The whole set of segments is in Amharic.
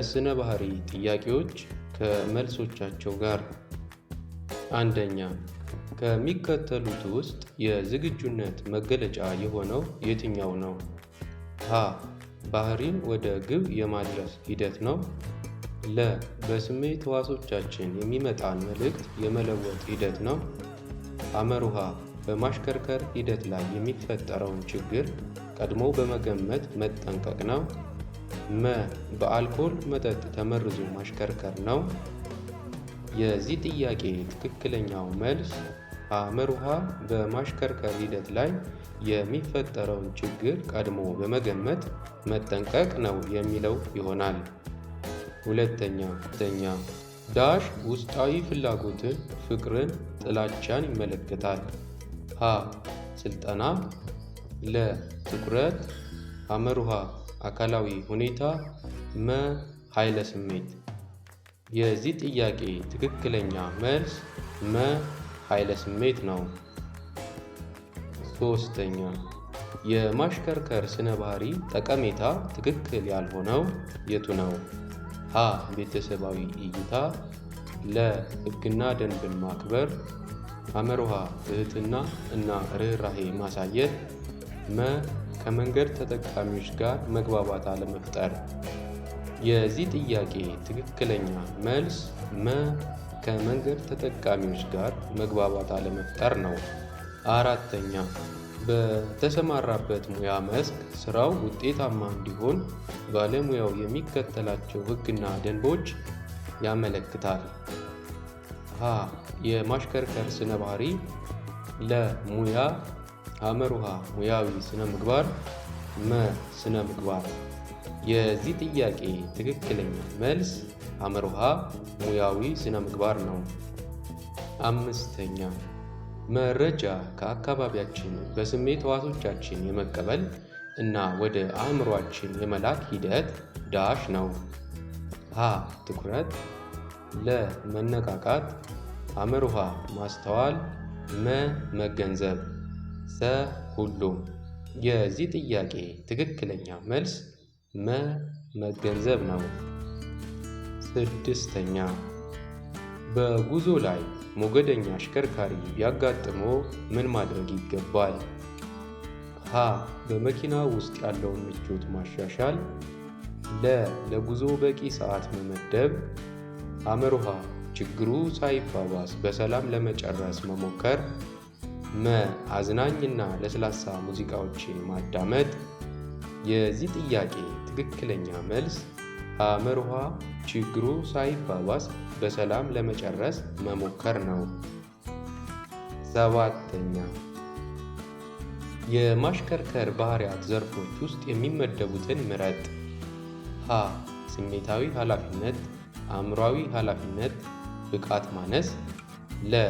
የስነ ባህሪ ጥያቄዎች ከመልሶቻቸው ጋር አንደኛ፣ ከሚከተሉት ውስጥ የዝግጁነት መገለጫ የሆነው የትኛው ነው? ሀ ባህሪን ወደ ግብ የማድረስ ሂደት ነው። ለ በስሜት ህዋሶቻችን የሚመጣን መልእክት የመለወጥ ሂደት ነው። አመሩሃ በማሽከርከር ሂደት ላይ የሚፈጠረውን ችግር ቀድሞ በመገመት መጠንቀቅ ነው። መ በአልኮል መጠጥ ተመርዞ ማሽከርከር ነው። የዚህ ጥያቄ ትክክለኛው መልስ ውሃ በማሽከርከር ሂደት ላይ የሚፈጠረውን ችግር ቀድሞ በመገመት መጠንቀቅ ነው የሚለው ይሆናል። ሁለተኛ ተኛ ዳሽ ውስጣዊ ፍላጎትን፣ ፍቅርን፣ ጥላቻን ይመለከታል። ሀ ስልጠና፣ ለ ትኩረት፣ ውሃ አካላዊ ሁኔታ፣ መ ኃይለ ስሜት። የዚህ ጥያቄ ትክክለኛ መልስ መ ኃይለ ስሜት ነው። ሶስተኛ የማሽከርከር ስነ ባህሪ ጠቀሜታ ትክክል ያልሆነው የቱ ነው? ሀ ቤተሰባዊ እይታ፣ ለ ደንብን ማክበር፣ አመርሃ ትህትና እና ርኅራሄ ማሳየት፣ መ ከመንገድ ተጠቃሚዎች ጋር መግባባት አለመፍጠር። የዚህ ጥያቄ ትክክለኛ መልስ መ ከመንገድ ተጠቃሚዎች ጋር መግባባት አለመፍጠር ነው። አራተኛ በተሰማራበት ሙያ መስክ ስራው ውጤታማ እንዲሆን ባለሙያው የሚከተላቸው ሕግና ደንቦች ያመለክታል። ሀ የማሽከርከር ስነ ባህሪ ለሙያ አመሩሃ ሙያዊ ስነ ምግባር መ ስነ ምግባር። የዚህ ጥያቄ ትክክለኛ መልስ አመሩሃ ሙያዊ ስነ ምግባር ነው። አምስተኛ መረጃ ከአካባቢያችን በስሜት ህዋሶቻችን የመቀበል እና ወደ አእምሯችን የመላክ ሂደት ዳሽ ነው። ሀ ትኩረት፣ ለ መነቃቃት፣ አመሩሃ ማስተዋል፣ መ መገንዘብ ዘ ሁሉም። የዚህ ጥያቄ ትክክለኛ መልስ መ መገንዘብ ነው። ስድስተኛ በጉዞ ላይ ሞገደኛ አሽከርካሪ ቢያጋጥሞ ምን ማድረግ ይገባል? ሀ በመኪና ውስጥ ያለውን ምቾት ማሻሻል፣ ለ ለጉዞ በቂ ሰዓት መመደብ፣ አመርሃ ችግሩ ሳይባባስ በሰላም ለመጨረስ መሞከር መ አዝናኝና ለስላሳ ሙዚቃዎችን ማዳመጥ። የዚህ ጥያቄ ትክክለኛ መልስ አመርሃ ችግሩ ሳይባባስ በሰላም ለመጨረስ መሞከር ነው። ሰባተኛ የማሽከርከር ባህሪያት ዘርፎች ውስጥ የሚመደቡትን ምረጥ። ሀ ስሜታዊ ኃላፊነት፣ አእምሯዊ ኃላፊነት፣ ብቃት ማነስ፣ ለ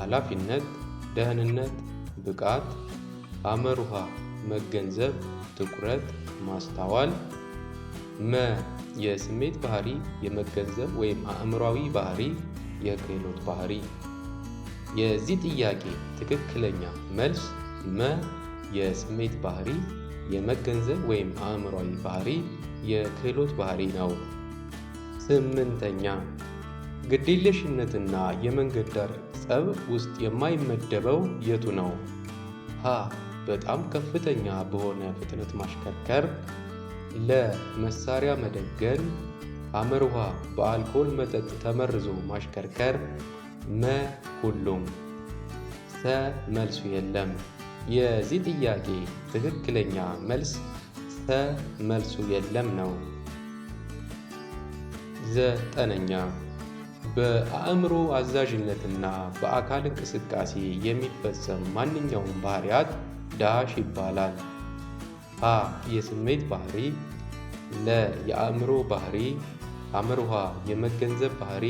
ኃላፊነት ደህንነት፣ ብቃት፣ አመሩሃ መገንዘብ፣ ትኩረት፣ ማስተዋል። መ የስሜት ባህሪ፣ የመገንዘብ ወይም አእምሯዊ ባህሪ፣ የክህሎት ባህሪ። የዚህ ጥያቄ ትክክለኛ መልስ መ የስሜት ባህሪ፣ የመገንዘብ ወይም አእምሯዊ ባህሪ፣ የክህሎት ባህሪ ነው። ስምንተኛ ግዴለሽነትና የመንገድ ዳር ጸብ ውስጥ የማይመደበው የቱ ነው? ሀ በጣም ከፍተኛ በሆነ ፍጥነት ማሽከርከር፣ ለ መሳሪያ መደገን፣ ሐመርሃ በአልኮል መጠጥ ተመርዞ ማሽከርከር፣ መ ሁሉም። ሰ መልሱ የለም። የዚህ ጥያቄ ትክክለኛ መልስ ሰ መልሱ የለም ነው። ዘጠነኛ በአእምሮ አዛዥነትና በአካል እንቅስቃሴ የሚፈጸም ማንኛውም ባህሪያት ዳሽ ይባላል። ሀ የስሜት ባህሪ፣ ለ የአእምሮ ባህሪ፣ አምርሃ የመገንዘብ ባህሪ፣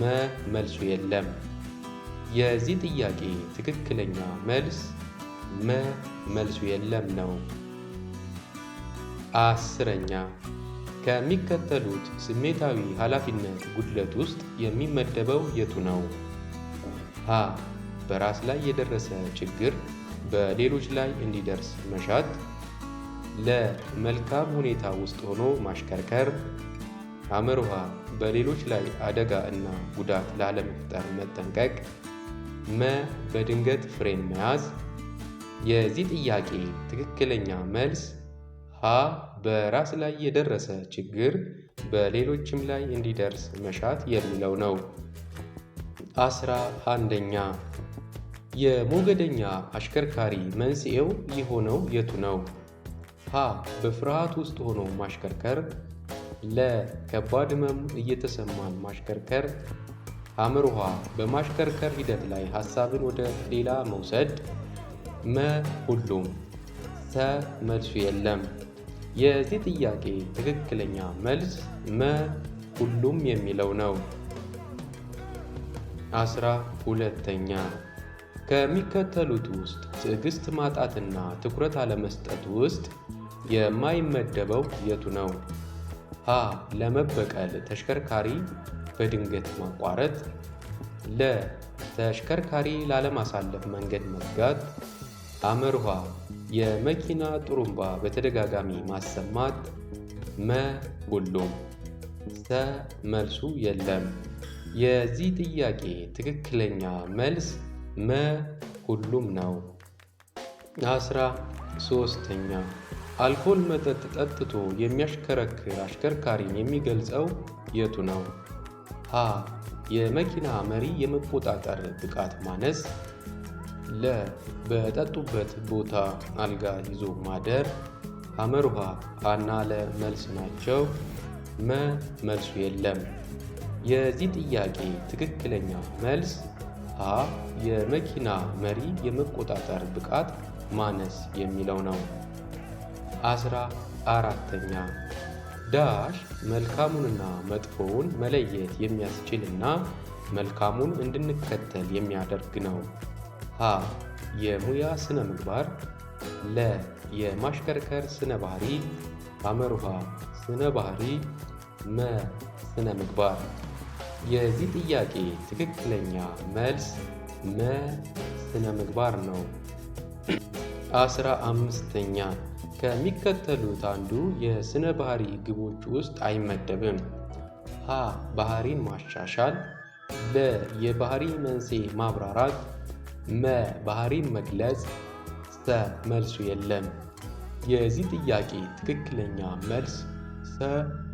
መ መልሱ የለም። የዚህ ጥያቄ ትክክለኛ መልስ መ መልሱ የለም ነው። አስረኛ ከሚከተሉት ስሜታዊ ኃላፊነት ጉድለት ውስጥ የሚመደበው የቱ ነው? ሀ በራስ ላይ የደረሰ ችግር በሌሎች ላይ እንዲደርስ መሻት፣ ለ መልካም ሁኔታ ውስጥ ሆኖ ማሽከርከር፣ አምርሃ በሌሎች ላይ አደጋ እና ጉዳት ላለመፍጠር መጠንቀቅ፣ መ በድንገት ፍሬን መያዝ። የዚህ ጥያቄ ትክክለኛ መልስ ሀ በራስ ላይ የደረሰ ችግር በሌሎችም ላይ እንዲደርስ መሻት የሚለው ነው። አስራ አንደኛ የሞገደኛ አሽከርካሪ መንስኤው የሆነው የቱ ነው? ሀ በፍርሃት ውስጥ ሆኖ ማሽከርከር፣ ለ ከባድ ህመም እየተሰማን ማሽከርከር፣ አምሮሃ በማሽከርከር ሂደት ላይ ሀሳብን ወደ ሌላ መውሰድ፣ መ ሁሉም፣ ተ መልሱ የለም። የዚህ ጥያቄ ትክክለኛ መልስ መ ሁሉም የሚለው ነው። አስራ ሁለተኛ ከሚከተሉት ውስጥ ትዕግስት ማጣትና ትኩረት አለመስጠት ውስጥ የማይመደበው የቱ ነው? ሀ ለመበቀል ተሽከርካሪ በድንገት ማቋረጥ፣ ለ ተሽከርካሪ ላለማሳለፍ መንገድ መዝጋት አመርኋ የመኪና ጥሩምባ በተደጋጋሚ ማሰማት መ ሁሉም ሰ መልሱ የለም። የዚህ ጥያቄ ትክክለኛ መልስ መ ሁሉም ነው። አስራ ሶስተኛ አልኮል መጠጥ ጠጥቶ የሚያሽከረክር አሽከርካሪን የሚገልጸው የቱ ነው? ሀ የመኪና መሪ የመቆጣጠር ብቃት ማነስ ለ በጠጡበት ቦታ አልጋ ይዞ ማደር ውሃ አና ለ መልስ ናቸው። መ መልሱ የለም። የዚህ ጥያቄ ትክክለኛ መልስ ሀ የመኪና መሪ የመቆጣጠር ብቃት ማነስ የሚለው ነው። አስራ አራተኛ ዳሽ መልካሙንና መጥፎውን መለየት የሚያስችልና መልካሙን እንድንከተል የሚያደርግ ነው። ሀ የሙያ ስነ ምግባር ለ የማሽከርከር ስነ ባህሪ አመሩሃ ስነ ባህሪ መ ስነ ምግባር የዚህ ጥያቄ ትክክለኛ መልስ መ ስነ ምግባር ነው። አስራ አምስተኛ ከሚከተሉት አንዱ የስነ ባህሪ ግቦች ውስጥ አይመደብም። ሀ ባህሪን ማሻሻል፣ በ የባህሪ መንስኤ ማብራራት መ ባህሪን መግለጽ፣ ሰ መልሱ የለም። የዚህ ጥያቄ ትክክለኛ መልስ ሰ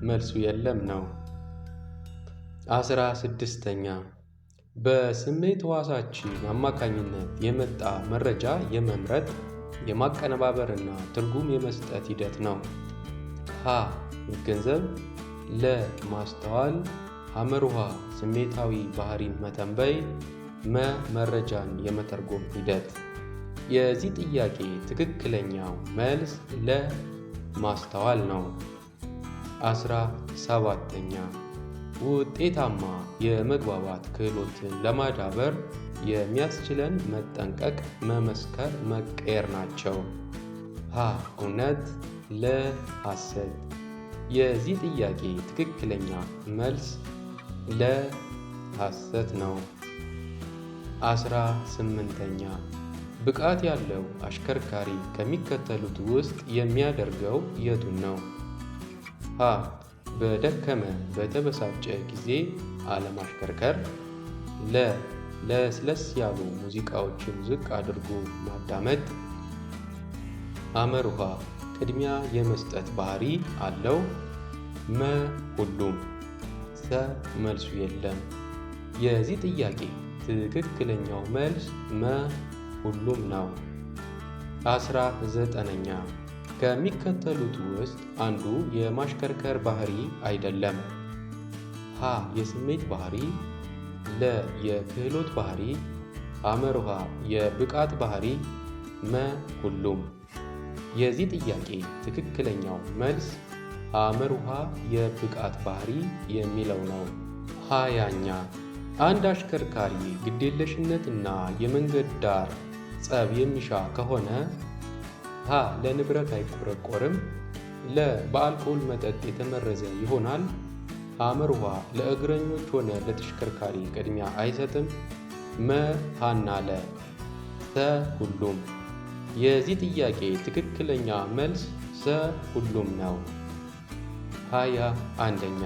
መልሱ የለም ነው። አስራ ስድስተኛ በስሜት ህዋሳችን አማካኝነት የመጣ መረጃ የመምረጥ የማቀነባበርና ትርጉም የመስጠት ሂደት ነው። ሀ መገንዘብ፣ ለ ማስተዋል፣ ሐመር ውሃ ስሜታዊ ባህሪን መተንበይ መ መረጃን የመተርጎም ሂደት የዚህ ጥያቄ ትክክለኛው መልስ ለማስተዋል ነው። አስራ ሰባተኛ ውጤታማ የመግባባት ክህሎትን ለማዳበር የሚያስችለን መጠንቀቅ፣ መመስከር፣ መቀየር ናቸው። ሀ እውነት፣ ለ ሐሰት። የዚህ ጥያቄ ትክክለኛ መልስ ለ ሐሰት ነው። አስራ ስምንተኛ ብቃት ያለው አሽከርካሪ ከሚከተሉት ውስጥ የሚያደርገው የቱን ነው? ሀ በደከመ በተበሳጨ ጊዜ አለማሽከርከር፣ ለ ለስለስ ያሉ ሙዚቃዎችን ዝቅ አድርጎ ማዳመጥ፣ አመርሃ ቅድሚያ የመስጠት ባህሪ አለው፣ መ ሁሉም፣ ሰ መልሱ የለም። የዚህ ጥያቄ ትክክለኛው መልስ መ ሁሉም ነው። አስራ ዘጠነኛ ከሚከተሉት ውስጥ አንዱ የማሽከርከር ባህሪ አይደለም። ሀ የስሜት ባህሪ፣ ለ የክህሎት ባህሪ፣ አመርሃ የብቃት ባህሪ፣ መ ሁሉም። የዚህ ጥያቄ ትክክለኛው መልስ አመርሃ የብቃት ባህሪ የሚለው ነው። ሀያኛ አንድ አሽከርካሪ ግዴለሽነትና የመንገድ ዳር ጸብ የሚሻ ከሆነ ሀ ለንብረት አይቆረቆርም፣ ለ በአልኮል መጠጥ የተመረዘ ይሆናል፣ ውሃ ለእግረኞች ሆነ ለተሽከርካሪ ቅድሚያ አይሰጥም፣ መ ሀና ለ ሰ ሁሉም። የዚህ ጥያቄ ትክክለኛ መልስ ሰ ሁሉም ነው። ሀያ አንደኛ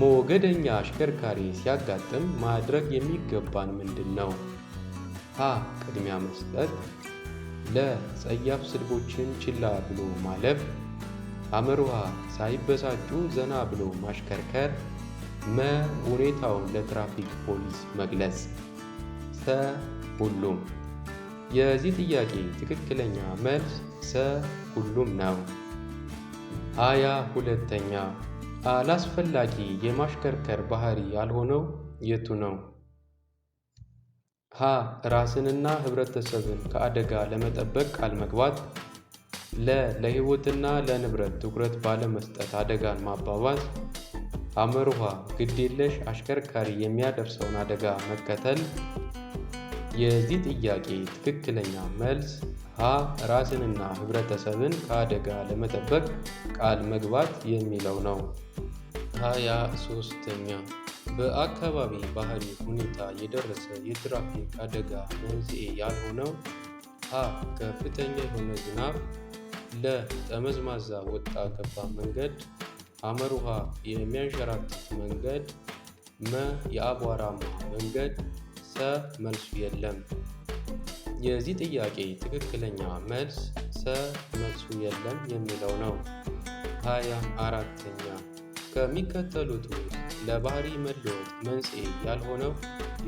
ሞገደኛ አሽከርካሪ ሲያጋጥም ማድረግ የሚገባን ምንድን ነው? ሀ. ቅድሚያ መስጠት ለ. ጸያፍ ስድቦችን ችላ ብሎ ማለፍ አመርሃ ሳይበሳጩ ዘና ብሎ ማሽከርከር መ. ሁኔታውን ለትራፊክ ፖሊስ መግለጽ ሰ. ሁሉም የዚህ ጥያቄ ትክክለኛ መልስ ሰ ሁሉም ነው። ሃያ ሁለተኛ አላስፈላጊ የማሽከርከር ባህሪ ያልሆነው የቱ ነው? ሀ ራስንና ህብረተሰብን ከአደጋ ለመጠበቅ ቃል መግባት ለ ለህይወትና ለንብረት ትኩረት ባለመስጠት አደጋን ማባባዝ፣ አመርሃ ግዴለሽ አሽከርካሪ የሚያደርሰውን አደጋ መከተል። የዚህ ጥያቄ ትክክለኛ መልስ ሀ ራስንና ህብረተሰብን ከአደጋ ለመጠበቅ ቃል መግባት የሚለው ነው። ሃያ ሶስተኛ በአካባቢ ባህሪ ሁኔታ የደረሰ የትራፊክ አደጋ መንስኤ ያልሆነው ሀ ከፍተኛ የሆነ ዝናብ፣ ለ ጠመዝማዛ ወጣ ገባ መንገድ፣ አመሩሃ የሚያንሸራትት መንገድ፣ መ የአቧራማ መንገድ፣ ሰ መልሱ የለም። የዚህ ጥያቄ ትክክለኛ መልስ ሰ መልሱ የለም የሚለው ነው። ሃያ አራተኛ ከሚከተሉት ውስጥ ለባህሪ መለወጥ መንስኤ ያልሆነው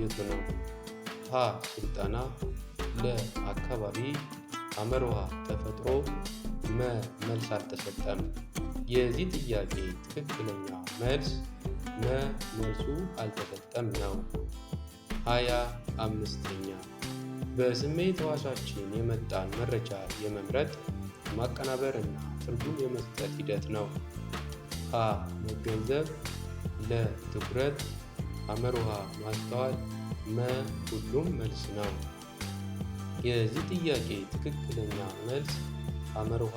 የቱ ነው? ሀ ስልጠና፣ ለ አካባቢ፣ አመርሃ ተፈጥሮ፣ መ መልስ አልተሰጠም። የዚህ ጥያቄ ትክክለኛ መልስ መ መልሱ አልተሰጠም ነው። ሀያ አምስተኛ በስሜት ሕዋሳችን የመጣን መረጃ የመምረጥ ማቀናበርና ትርጉም የመስጠት ሂደት ነው። ሀ መገንዘብ ለ ትኩረት ሐመርሃ ማስተዋል መ ሁሉም መልስ ነው። የዚህ ጥያቄ ትክክለኛ መልስ ሐመርሃ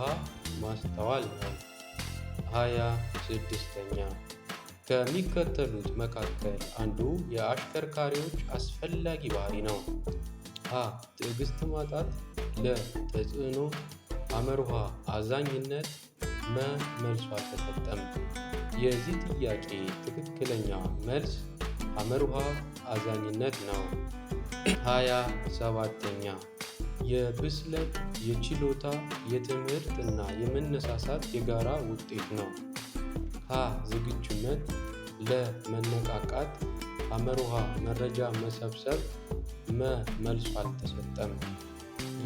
ማስተዋል ነው። ሀያ ስድስተኛ ከሚከተሉት መካከል አንዱ የአሽከርካሪዎች አስፈላጊ ባህሪ ነው። ሀ ትዕግስት ማጣት፣ ለ ተጽዕኖ፣ ሐመርሃ አዛኝነት፣ መ መልሱ አልተሰጠም። የዚህ ጥያቄ ትክክለኛ መልስ አመርሃ አዛኝነት ነው። ሀያ ሰባተኛ የብስለት የችሎታ የትምህርት እና የመነሳሳት የጋራ ውጤት ነው። ሀ ዝግጁነት፣ ለ መነቃቃት፣ አመርሃ መረጃ መሰብሰብ፣ መ መልሱ አልተሰጠም።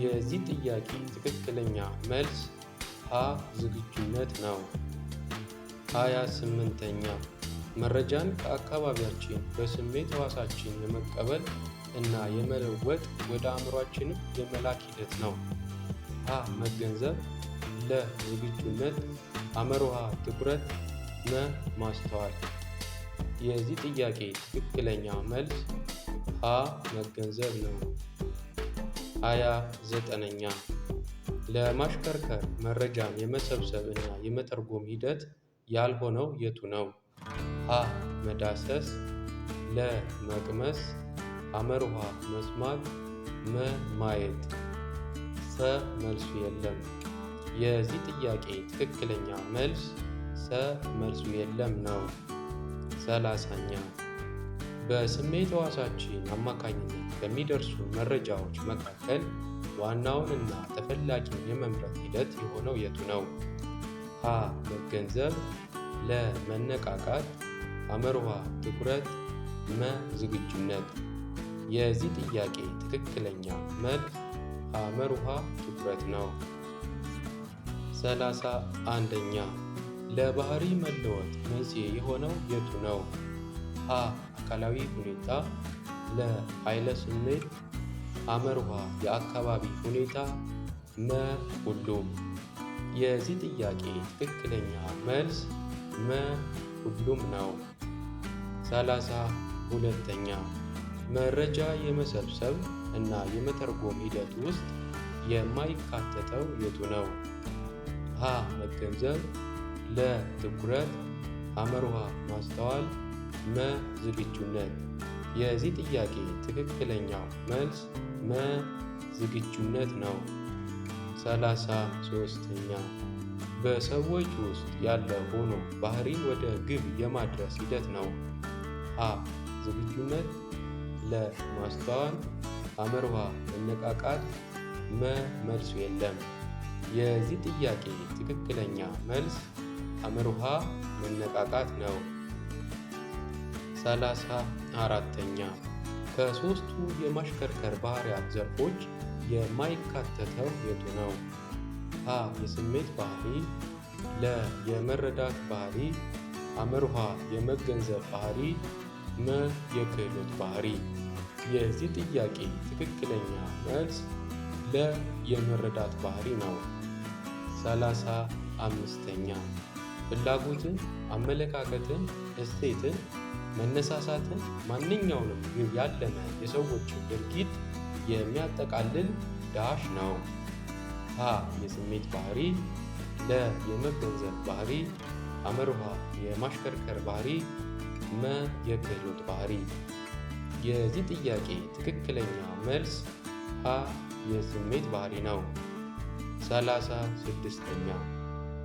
የዚህ ጥያቄ ትክክለኛ መልስ ሀ ዝግጁነት ነው። ሀያ ስምንተኛ መረጃን ከአካባቢያችን በስሜት ሕዋሳችን የመቀበል እና የመለወጥ ወደ አእምሯችንም የመላክ ሂደት ነው። ሀ መገንዘብ፣ ለ ዝግጁነት፣ አመርሃ ትኩረት፣ መ ማስተዋል። የዚህ ጥያቄ ትክክለኛ መልስ ሀ መገንዘብ ነው። ሀያ ዘጠነኛ ለማሽከርከር መረጃን የመሰብሰብ እና የመተርጎም ሂደት ያልሆነው የቱ ነው? ሀ. መዳሰስ ለ. መቅመስ ሐመርኋ መስማት መ. ማየት ሰ. መልሱ የለም የዚህ ጥያቄ ትክክለኛ መልስ ሰ. መልሱ የለም ነው። ሰላሳኛ በስሜት ሕዋሳችን አማካኝነት ከሚደርሱ መረጃዎች መካከል ዋናውንና ተፈላጊውን የመምረጥ ሂደት የሆነው የቱ ነው? ሀ. መገንዘብ ለ. መነቃቃት ሐመርሃ ትኩረት መ. ዝግጁነት የዚህ ጥያቄ ትክክለኛ መልስ ሐመርሃ ትኩረት ነው። ሰላሳ አንደኛ ለባህሪ መለወጥ መንስኤ የሆነው የቱ ነው? ሀ. አካላዊ ሁኔታ ለኃይለ ስሜት አመርሃ የአካባቢ ሁኔታ መ ሁሉም። የዚህ ጥያቄ ትክክለኛ መልስ መ ሁሉም ነው። ሰላሳ ሁለተኛ መረጃ የመሰብሰብ እና የመተርጎም ሂደት ውስጥ የማይካተተው የቱ ነው? ሀ መገንዘብ፣ ለ ትኩረት፣ ሐመርሃ ማስተዋል፣ መ ዝግጁነት የዚህ ጥያቄ ትክክለኛው መልስ መ ዝግጁነት ነው። 33 33ኛ በሰዎች ውስጥ ያለ ሆኖ ባህሪን ወደ ግብ የማድረስ ሂደት ነው። ሀ ዝግጁነት፣ ለ ማስተዋል፣ አመርሃ መነቃቃት፣ መ መልሱ የለም። የዚህ ጥያቄ ትክክለኛ መልስ አመርሃ መነቃቃት ነው። ሰላሳ አራተኛ ከሦስቱ የማሽከርከር ባህሪያት ዘርፎች የማይካተተው የቱ ነው? ሀ የስሜት ባህሪ፣ ለ የመረዳት ባህሪ፣ አመርሃ የመገንዘብ ባህሪ፣ መ የክህሎት ባህሪ። የዚህ ጥያቄ ትክክለኛ መልስ ለ የመረዳት ባህሪ ነው። ሰላሳ አምስተኛ ፍላጎትን፣ አመለካከትን፣ እሴትን መነሳሳትን ማንኛውንም ያለመ የሰዎችን ድርጊት የሚያጠቃልል ዳሽ ነው። ሀ የስሜት ባህሪ፣ ለ የመገንዘብ ባህሪ፣ አመርሃ የማሽከርከር ባህሪ፣ መ የክህሎት ባህሪ። የዚህ ጥያቄ ትክክለኛ መልስ ሀ የስሜት ባህሪ ነው። ሰላሳ ስድስተኛ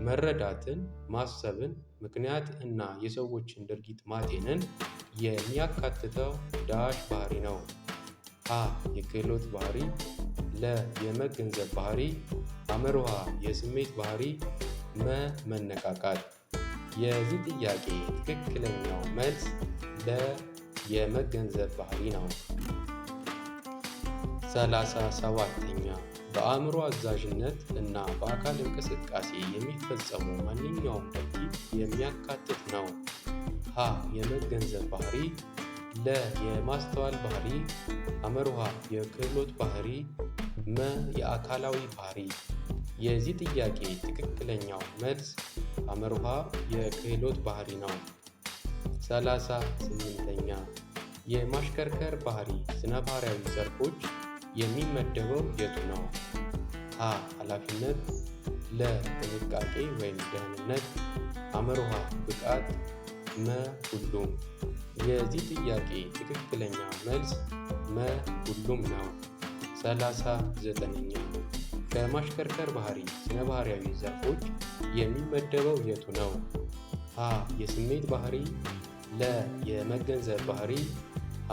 መረዳትን ማሰብን ምክንያት እና የሰዎችን ድርጊት ማጤንን የሚያካትተው ዳሽ ባህሪ ነው። ሀ የክህሎት ባህሪ፣ ለ የመገንዘብ ባህሪ፣ አመርሃ የስሜት ባህሪ፣ መ መነቃቃት። የዚህ ጥያቄ ትክክለኛው መልስ ለ የመገንዘብ ባህሪ ነው። ሰላሳ ሰባተኛ በአእምሮ አዛዥነት እና በአካል እንቅስቃሴ የሚፈጸሙ ማንኛውም ድርጊት የሚያካትት ነው። ሀ የመገንዘብ ባህሪ ለ የማስተዋል ባህሪ አመርሃ የክህሎት ባህሪ መ የአካላዊ ባህሪ የዚህ ጥያቄ ትክክለኛው መልስ አመርሃ የክህሎት ባህሪ ነው። ሰላሳ 38ኛ የማሽከርከር ባህሪ ስነባህሪያዊ ዘርፎች የሚመደበው የቱ ነው? ሀ. ኃላፊነት ለ. ጥንቃቄ ወይም ደህንነት አመርሃ ብቃት መ. ሁሉም የዚህ ጥያቄ ትክክለኛ መልስ መ. ሁሉም ነው። ሰላሳ ዘጠነኛ ከማሽከርከር ባህሪ ስነ ባህሪያዊ ዘርፎች የሚመደበው የቱ ነው? ሀ. የስሜት ባህሪ ለ. የመገንዘብ ባህሪ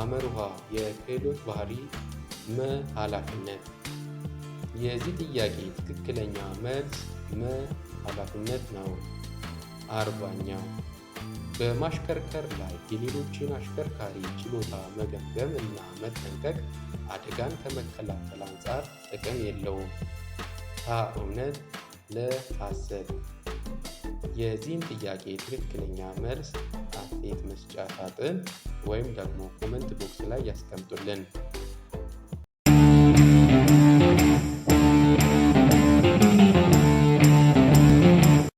አመርሃ የክህሎት ባህሪ መ ኃላፊነት የዚህ ጥያቄ ትክክለኛ መልስ መ ኃላፊነት ነው። አርባኛው በማሽከርከር ላይ የሌሎችን አሽከርካሪ ችሎታ መገምገም እና መጠንቀቅ አደጋን ከመከላከል አንጻር ጥቅም የለውም። ሀ እውነት፣ ለ ሐሰት። የዚህን ጥያቄ ትክክለኛ መልስ አስተያየት መስጫ ሳጥን ወይም ደግሞ ኮመንት ቦክስ ላይ ያስቀምጡልን።